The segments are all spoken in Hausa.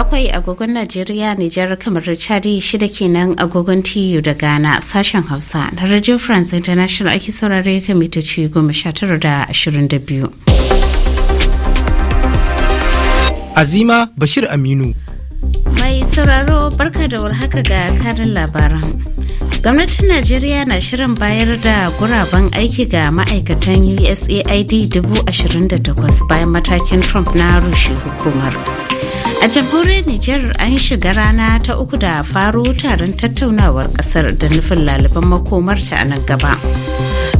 bakwai agogon Najeriya, Nijar, kamar Chadi shida kenan agogon TU da Ghana sashen Hausa na Radio France International ake saurare kan mitoci goma sha tara da ashirin da biyu. Azima Bashir Aminu. Mai sauraro barka da warhaka ga karin labaran. gwamnatin najeriya na shirin bayar da guraben aiki ga ma'aikatan usaid 28,000 bayan matakin trump na rushe hukumar A jamhuriyar Nijar an shiga rana ta uku da faro taron tattaunawar kasar da nufin laliban makomarta a nan gaba.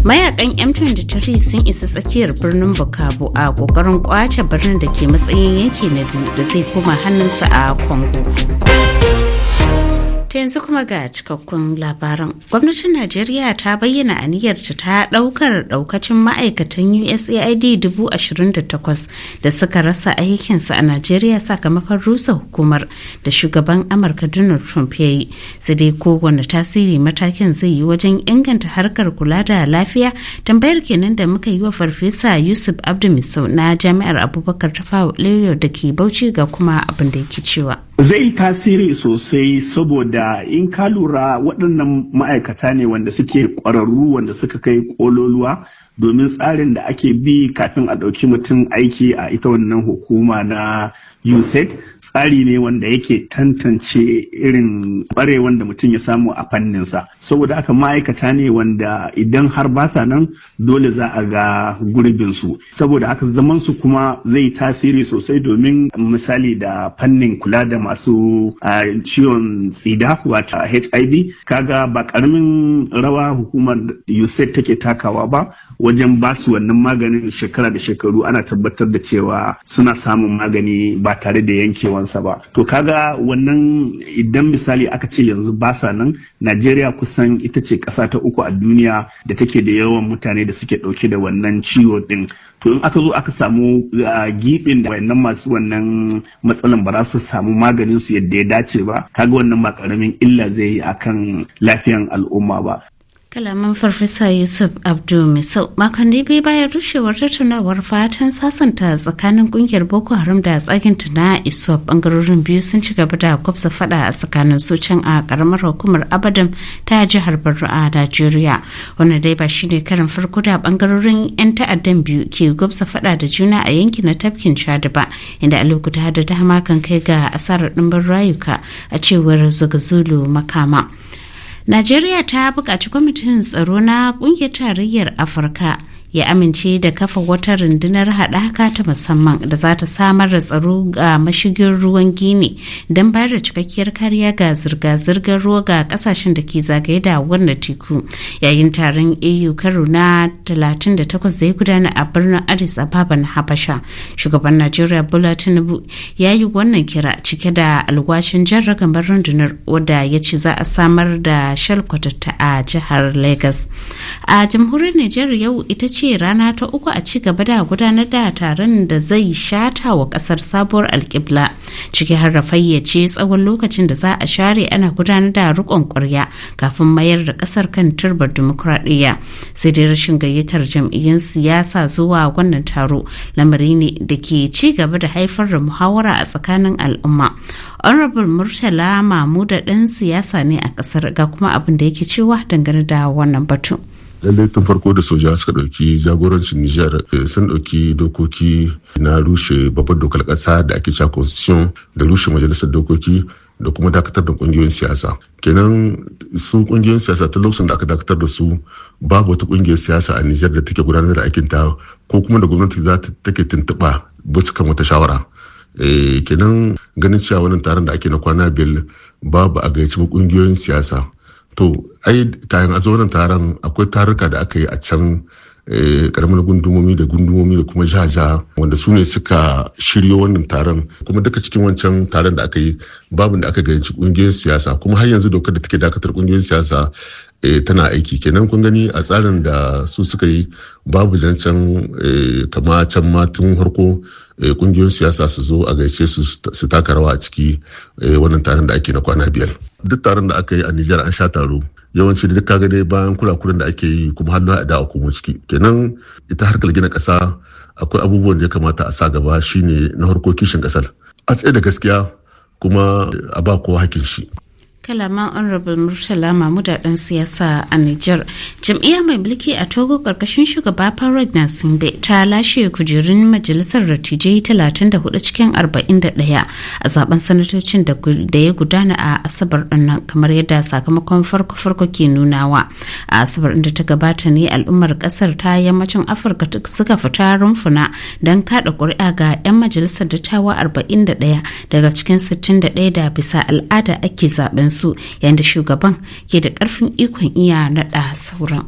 Mayakan M23 sun isa tsakiyar birnin Bukavu a kokarin kwace birnin da ke matsayin yanki na biyu da zai koma hannunsa a Congo. ta yanzu kuma ga cikakkun labaran gwamnatin najeriya ta bayyana aniyarta ta daukar daukacin ma'aikatan usaid 28,000 da suka rasa aikinsu a najeriya sakamakon rusa hukumar da shugaban amurka donald trump ya yi sai dai kowane tasiri matakin zai yi wajen inganta harkar kula da lafiya tambayar kenan da muka yi wa farfesa yusuf abdulmisau na jami'ar abubakar ta Fawo da ke bauchi ga kuma abin da yake cewa zai tasiri sosai saboda da in ka lura waɗannan ma'aikata ne wanda suke ƙwararru wanda suka kai ƙololuwa domin tsarin da ake bi kafin a ɗauki mutum aiki a ita wannan hukuma na USAID tsari ne wanda yake tantance irin ƙwarewan da mutum ya samu a fanninsa saboda aka ma'aikata ne wanda idan har ba sa nan dole za a ga gurbinsu saboda haka su kuma zai tasiri sosai domin misali da fannin kula da masu ciwon tsida wata hiv kaga ba ƙaramin rawa hukumar usaid take takawa ba wajen ba su wannan maganin shekara da shekaru ana tabbatar da cewa suna samun magani ba tare da yankewansa ba to kaga wannan idan misali aka ce yanzu ba sa nan najeriya kusan ita ce ƙasa ta uku a duniya da take da yawan mutane da suke ɗauke da wannan ciwo ɗin to in aka zo aka samu gibin da wayannan masu wannan matsalan ba za su samu maganin su yadda ya dace ba kaga wannan ba ƙaramin illa zai yi akan lafiyan al'umma ba kalaman farfesa yusuf abdu misau makonni biyu bayan rushewar tattaunawar fatan sasanta tsakanin kungiyar boko haram da tsakin tuna isuwa bangarorin biyu sun ci gaba da gwabza fada a tsakanin socin a karamar hukumar abadam ta jihar borno a najeriya wani dai ba shine karin farko da bangarorin yan ta'addan biyu ke gwabza fada da juna a yanki na tafkin chad ba inda a lokuta da dama kan kai ga asarar dimbin rayuka a cewar zugazulu makama najeriya ta buƙaci kwamitin tsaro na ƙungiyar tarayyar afirka ya amince da kafa wata rundunar haɗaka ta musamman da za ta samar da tsaro ga mashigin ruwan gini don bayar da cikakkiyar kariya ga zirga-zirgar ruwa ga kasashen da ke zagaye da wannan teku yayin taron eu karo na 38 zai gudana a birnin addis ababa na habasha shugaban najeriya bola tinubu ya yi wannan kira cike da alwashin jarragamar rundunar wadda ya ce za a samar da shalkwatata a jihar lagos a jamhuriyar nijar yau ita ce ce rana ta uku a ci gaba da gudanar da taron da zai shata wa kasar sabuwar alkibla ciki har da fayyace tsawon lokacin da za a share ana gudanar da rikon kwarya kafin mayar da kasar kan turbar dimokuraɗiyya sai dai rashin gayyatar jam'iyyun siyasa zuwa wannan taro lamari ne da ke ci gaba da haifar da muhawara a tsakanin al'umma honorable murtala mamuda ɗan siyasa ne a kasar ga kuma abin da yake cewa dangane da wannan batun. lallai tun farko da soja suka dauki jagorancin nijar eh, sun dauki dokoki na rushe babbar dokar kasa da ake cewa constitution da rushe majalisar dokoki da kuma dakatar da kungiyoyin siyasa kenan su kungiyoyin siyasa ta lokacin da aka dakatar da su babu wata kungiyar siyasa a nijar da take gudanar da ta ko kuma da gwamnati za ta take tuntuɓa bisa kan wata shawara eh, kenan ganin cewa wannan taron da ake na kwana biyar babu a gaici kungiyoyin siyasa to ai kayan a zo taron akwai taruka da aka yi a can Eh, karamar gundumomi da gundumomi da kuma jaja wanda su ne suka shiryo wannan taron kuma duka cikin wancan taron da aka yi babu da aka gayyaci kungiyoyin siyasa kuma har yanzu dokar da take dakatar kungiyoyin siyasa eh, tana aiki kenan kun gani a tsarin da su suka yi babu zancen eh, kama can ma tun farko kungiyoyin siyasa su zo a gaishe su su taka rawa a ciki wannan taron da ake na kwana biyar duk taron da aka yi a Nijar an sha taro yawanci da kaga dai bayan kurakuran da ake yi kuma hannu a da kuma ciki kenan ita harkar gina ƙasa akwai abubuwan da ya kamata a sa gaba shine na harkokin kishin ƙasar a tsaye da gaskiya kuma a ba kowa hakin shi kalaman honorable murtala mamuda dan siyasa a niger jam'iyya mai mulki a togo karkashin shugaba farag na sinbe ta lashe kujerun majalisar dattijai 34 cikin 41 a zaben sanatocin da ya gudana a asabar nan kamar yadda sakamakon farko-farko ke nunawa a asabar inda ta gabata ne al'ummar kasar ta yammacin afirka suka fita rumfuna don kaɗa ƙuri'a ga 'yan majalisar dattawa 41 daga cikin 61 da bisa al'ada ake zaben su yadda shugaban ke da karfin ikon iya nada sauran.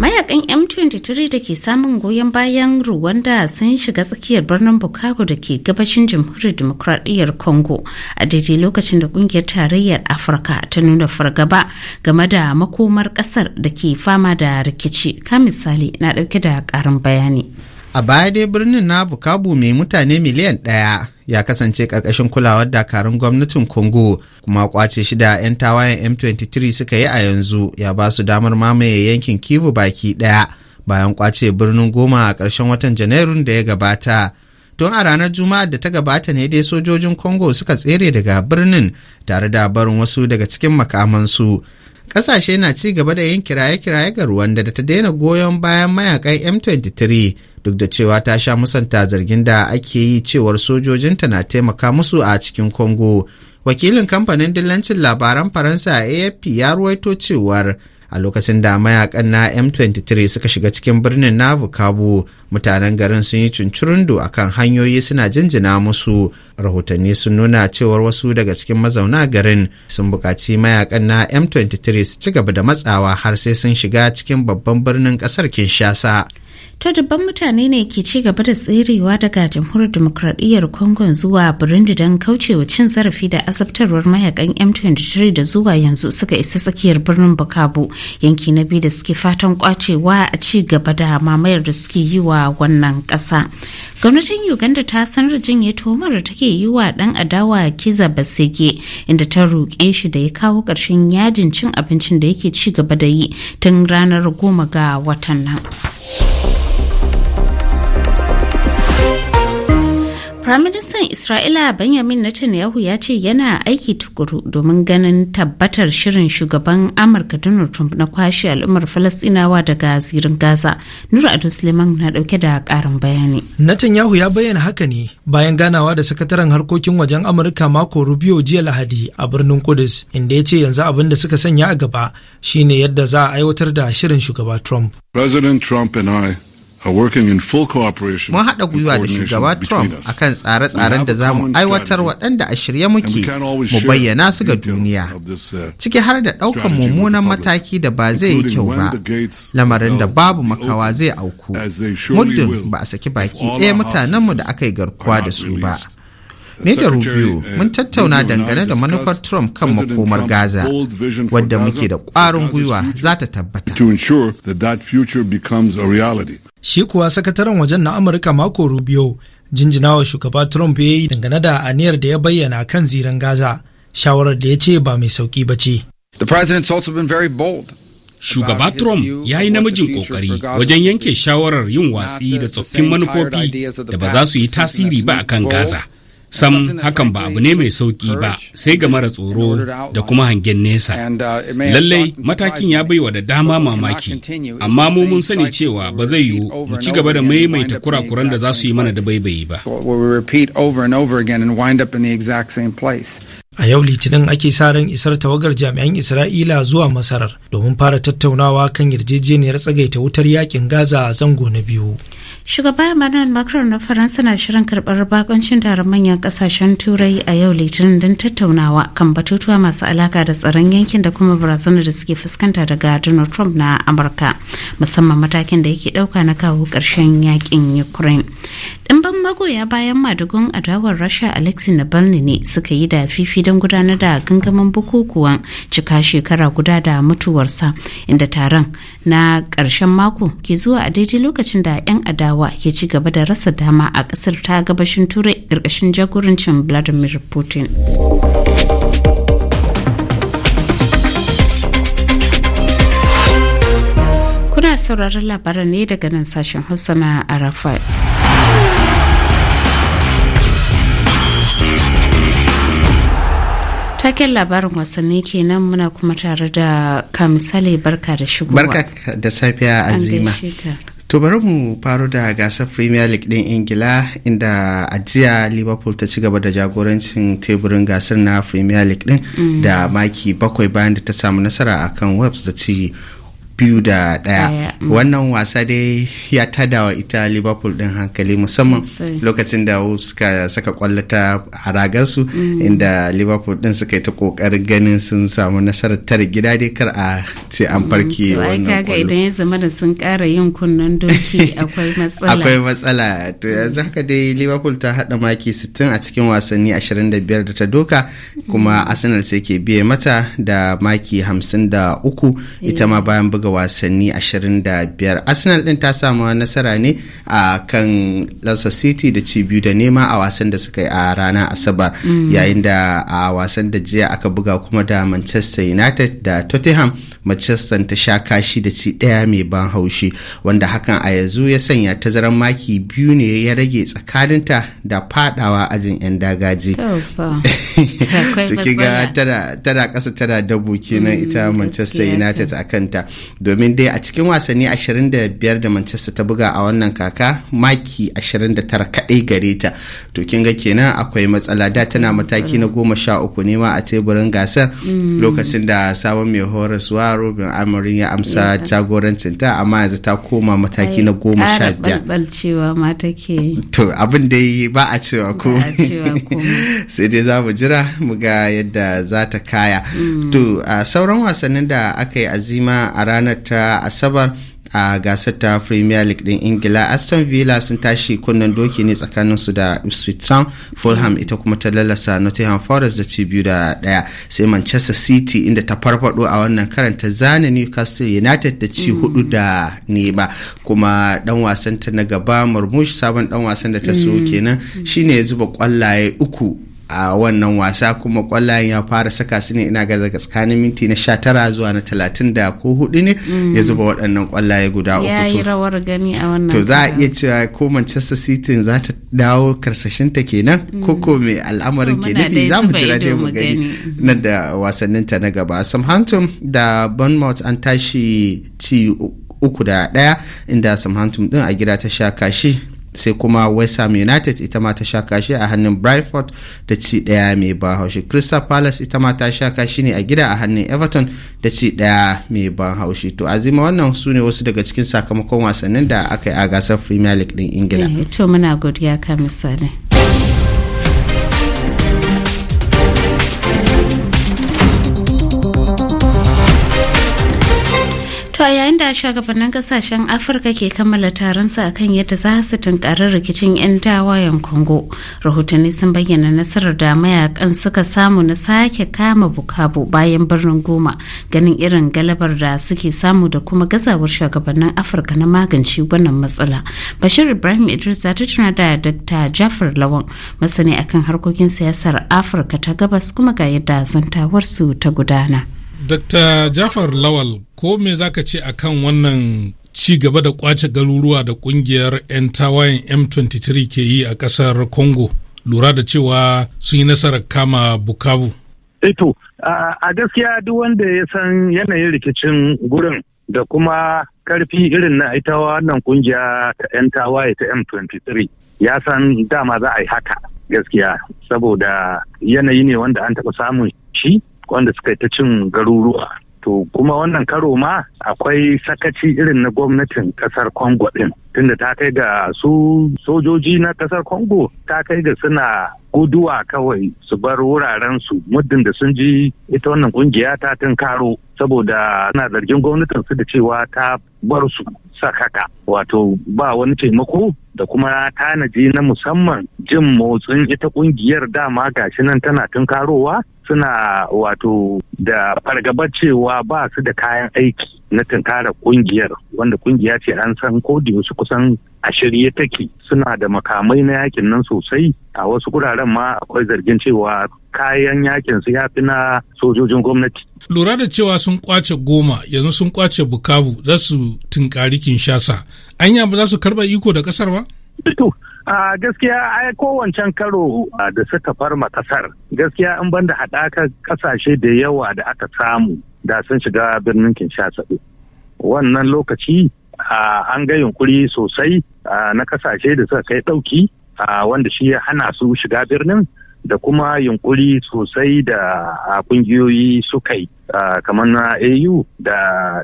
mayakan m23 da ke samun goyon bayan rwanda sun shiga tsakiyar birnin bukavu da ke gabashin jamhuriyar demokradiyyar congo a daidai lokacin da kungiyar tarayyar afirka ta nuna fargaba game da makomar kasar da ke fama da rikici ka misali na dauke da karin bayani a baya dai birnin na bukabu mai mutane miliyan ɗaya ya kasance ƙarƙashin kulawar dakarun gwamnatin congo kuma kwace shida 'yan tawayen m23 suka yi a yanzu ya ba su damar mamaye yankin kivu baki ɗaya bayan kwace birnin goma a ƙarshen watan janairun da ya gabata tun a ranar juma'ar da ta gabata ne dai sojojin congo suka tsere daga birnin tare da barin wasu daga cikin makamansu ƙasashe na ci gaba da yin kiraye-kiraye ga ruwanda da ta daina goyon bayan mayakan m23 duk da cewa ta sha musanta zargin da ake yi cewar sojojinta na taimaka musu a cikin congo wakilin kamfanin dillancin labaran faransa afp ya ruwaito cewar a lokacin da mayakan na m23 suka shiga cikin birnin na kabu mutanen garin sun yi cuncurundu kan hanyoyi suna jinjina musu rahotanni sun nuna cewar wasu daga cikin mazauna garin sun buƙaci mayakan na m23 su ci gaba da matsawa har sai sun shiga cikin babban birnin ƙasar kinshasa ta dubban mutane ne ke ci gaba da tserewa daga jamhuriyar demokradiyyar congo zuwa burundi don kaucewa cin zarafi da azabtarwar mayakan m23 da zuwa yanzu suka isa tsakiyar birnin bukavu yanki na biyu da suke fatan kwacewa a ci gaba da mamayar da suke yi wa wannan ƙasa gwamnatin uganda ta sanar jinye tomar da take yi wa dan adawa kiza basege inda ta roƙe shi da ya kawo ƙarshen yajin cin abincin da yake ci gaba da yi tun ranar goma ga watan nan. Firaministan Isra'ila Benjamin Netanyahu ya ce yana aiki tukuru domin ganin tabbatar shirin shugaban Amurka Donald Trump na kwashe al'ummar Falasinawa daga zirin Gaza. nur Ado Suleiman na dauke da karin bayani. Netanyahu ya bayyana haka ne bayan ganawa da sakataren harkokin wajen Amurka Mako Rubio jiya Lahadi a birnin Kudus, inda ya ce yanzu abin da suka sanya a gaba shine yadda za a aiwatar da shirin shugaba Trump. President Trump and I Mun haɗa gwiwa da shugaba Trump a kan tsare-tsaren da za mu aiwatar waɗanda a shirye muke mu bayyana su ga duniya, uh, ciki har da ɗaukan mummunan mataki da ba zai yi kyau ba, lamarin da babu makawa zai auku, muddin ba a saki baki ɗaya mutanenmu da aka yi garkuwa da su ba. Ni da Rubio uh, mun tattauna dangane da manufar Trump kan makomar Gaza wadda muke da ƙwarin gwiwa za ta tabbata. Shi kuwa sakataren wajen na Amurka mako Rubio jinjinawa shugaba Trump ya yi dangane da aniyar da ya bayyana kan ziran Gaza, shawarar da ya ce ba mai sauki ba ce. shugaba Trump ya yi namijin kokari wajen yanke shawarar yin watsi da tsoffin manufofi da ba za su yi tasiri ba a kan Gaza. sam hakan ba abu ne mai sauki ba sai ga mara tsoro da kuma hangen nesa lallai matakin ya baiwa da dama mamaki amma mu mun sani cewa ba zai yiwu mu ci gaba da maimaita kurakuran da za su yi mana da baibayi ba a yau litinin ake sa ran isar tawagar jami'an isra'ila zuwa masarar domin fara tattaunawa kan yarjejeniyar tsagaita wutar yakin gaza a zango na biyu Shugaba Emmanuel Macron na Faransa na shirin karɓar bakoncin taron manyan kasashen Turai a yau Litinin don tattaunawa kan batutuwa masu alaka da tsaron yankin da kuma barazanar da suke fuskanta daga Donald Trump na Amurka musamman matakin da yake dauka na kawo karshen yakin Ukraine. dimban magoya bayan madugun adawar Rasha Alexei Navalny ne suka yi da fifi don gudanar da gangamin bukukuwan cika shekara guda da mutuwarsa inda taron na ƙarshen mako ke zuwa a daidai lokacin da 'yan adawa Hausawa ke ci gaba da rasa dama a ƙasar ta gabashin Turai ƙarƙashin jagorancin Vladimir Putin. Kuna sauraron labaran ne daga nan sashen Hausa na Arafat. taken labarin wasanni kenan muna kuma tare da ka misali barka da shigowa barka da safiya azima To bari mu faru da gasar Premier League ɗin Ingila inda a jiya Liverpool ta ci gaba da jagorancin teburin gasar na Premier League ɗin mm. da maki bakwai bayan da ta samu nasara akan Webs da ci biyu da mm. wannan wasa dai ya tada wa ita liverpool din hankali musamman lokacin da suka saka kwallo ta a ragarsu mm. inda liverpool din suka yi ta kokarin ganin sun samu nasarar tare gida dai kar a ce an mm, farke wannan kwallo idan ya zama da sun ƙara yin kunnen doki akwai matsala akwai matsala to haka dai liverpool ta hada maki 60 a cikin wasanni 25 da ta doka kuma arsenal sai ke biye mata da maki 53 ita ma bayan buga ashirin wasanni 25 arsenal din ta samu nasara ne a kan Leicester city da ci biyu da nema a wasan da suka yi a ranar asabar mm. yayin da a wasan da jiya aka buga kuma da manchester united da tottenham manchester ta sha kashi da ci ɗaya mai ban haushi wanda hakan a yanzu ya sanya tazaran maki biyu ne ya rage tsakaninta da fadawa ajin 'yan dagaji ga tana kasa tana dabo kenan mm, ita manchester united a kanta domin dai a cikin wasanni 25 da manchester ta buga a wannan kaka maki 29 kaɗai gare ta to kin ga kenan akwai matsala da tana mataki na goma sha uku ne ma a teburin gasar mm. lokacin da sabon mai horaswa robin amurin ya amsa jagorancin ta amma yanzu ta koma mataki na goma sha biyar balbalcewa ma ke to abin yi ba a cewa ko sai dai za mu jira mu ga yadda za ta kaya mm. to sauran wasannin da aka yi azima a ranar ta asabar a gasar ta premier league din ingila aston villa sun tashi kunnen doki ne tsakanin su da ipswich town fulham ita kuma ta lalasa nottingham forest da ci biyu da daya sai manchester city inda ta farfado a wannan karanta zane newcastle united da ci mm. hudu da nema kuma dan wasan ta na gaba murmush sabon dan wasan da ta so mm. kenan mm. shine ya zuba kwallaye uku a wannan wasa kuma kwallayen ya fara saka su ne ina ga tsakanin minti na 19 zuwa na talatin da ko hudu ne mm. ya zuba waɗannan kwallaye guda uku ya yi rawar gani a wannan to za a iya cewa ko Manchester City za ta dawo karsashinta kenan mm. ko ko me al'amarin ke nufi za mu jira dai mu gani na da wasannin ta na gaba Southampton da Bournemouth an tashi ci uku da daya inda Southampton din a gida ta sha kashi sai kuma west ham united ita ma ta sha kashi a hannun brentford da ci daya mai ban haushi crystal palace ita ma ta sha kashi ne a gida a hannun everton da ci daya mai ban haushi to azima wannan su ne wasu daga cikin sakamakon wasannin da aka yi a gasar premier league din ingila eh, to muna godiya ka misali a shugabannin kasashen afirka ke kammala taron su akan yadda za su tunkari rikicin 'yan tawayen congo rahotanni sun bayyana nasarar da mayakan suka samu na sake kama bukabu bayan birnin goma ganin irin galabar da suke samu da kuma gazawar shugabannin afirka na magance wannan matsala bashir ibrahim idris za ta tuna da dr jafar lawan masani akan harkokin siyasar afirka ta gabas kuma ga yadda zantawar su ta gudana Dr. Jafar Lawal, ko me za ka ce a kan wannan ci gaba da kwace garuruwa da kungiyar 'yan tawayen M23 ke yi a ƙasar Congo, lura da cewa sun yi nasarar kama Bukavu? Eto, eh a gaskiya duk wanda ya san yanayin rikicin gurin da kuma karfi irin na ita wannan kungiya ta 'yan tawaye ta M23 ya san dama za a yi haka gaskiya saboda yanayi ne wanda an taɓa samun shi wanda suka yi ta cin garuruwa to kuma wannan karo ma akwai sakaci irin na gwamnatin kasar kwangwa ɗin. tunda ta kai ga su sojoji na kasar congo ta kai ga suna guduwa kawai su bar wuraren su muddin da sun ji ita wannan kungiya ta tunkaro saboda na zargin gwamnatin su da cewa ta bar su sakaka wato ba wani taimako da kuma tanaji na musamman jin motsin ita kungiyar dama gashi nan tana tunkarowa suna wato da fargabar cewa ba su da kayan aiki na tunkara kungiyar wanda kungiya ce an san ko da wasu kusan a shirye take suna da makamai na yakin nan sosai a wasu guraren ma akwai zargin cewa kayan yakin su ya fi na sojojin gwamnati. Lura da cewa sun kwace goma yanzu sun kwace bukavu za su tunkari kinshasa anya ba za su karba iko da kasar ba? a gaskiya ai kowancen karo da suka farma kasar gaskiya in banda haɗaka kasashe da yawa da aka samu da sun shiga birnin kinshasa ɗin wannan lokaci an ga yunkuri sosai na kasashe da suka kai ɗauki wanda shi ya hana su shiga birnin da kuma yunkuri sosai da kungiyoyi suka yi kamar na au da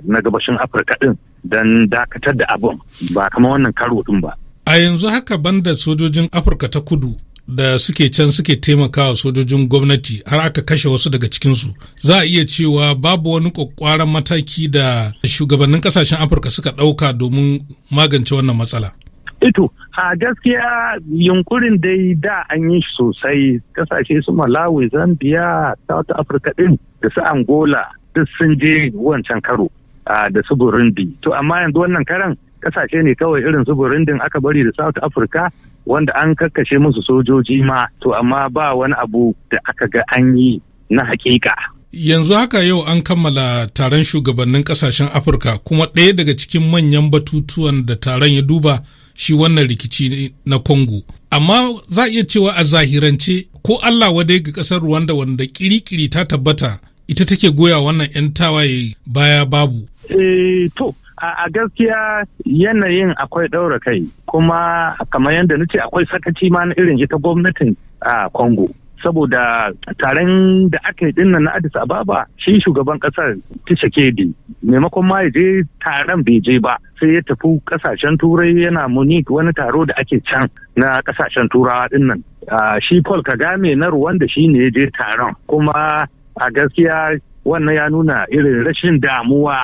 na gabashin afirka ɗin don dakatar da abin ba kamar wannan karo ɗin ba a yanzu haka banda sojojin afirka ta kudu da suke can suke taimakawa sojojin gwamnati har aka kashe wasu daga cikinsu za a iya cewa babu wani kwakwaran mataki da shugabannin kasashen afirka suka ɗauka domin magance wannan matsala ito a gaskiya yunkurin dai da an yi sosai kasashe su malawi zambia south africa din da su angola duk sun je wancan karo da su burundi to amma yanzu wannan karan kasashe ne kawai irin su burundin aka bari da south africa wanda an karkashe musu sojoji ma to amma ba wani abu da aka ga an yi na hakika. Yanzu haka yau an kammala taron shugabannin kasashen Afirka kuma ɗaya daga cikin manyan batutuwan da taron ya duba shi wannan rikici na Congo. Amma za a iya cewa a zahirance ko Allah wadai ga ƙasar Rwanda wanda kirikiri ta tabbata ita take goya wannan 'yan tawaye baya babu. Eh to, a gaskiya yanayin akwai ɗaura kai kuma kamar yadda na ce akwai sakaci ma na irin ita gwamnatin a congo saboda taron da aka yi dinnan na addis ababa shi shugaban kasar tshisekedi maimakon ma ya je taron bai je ba sai ya tafi kasashen turai yana munich wani taro da ake can na kasashen turawa dinnan shi paul kagame na rwanda shi ne ya je taron kuma a gaskiya wannan ya nuna irin rashin damuwa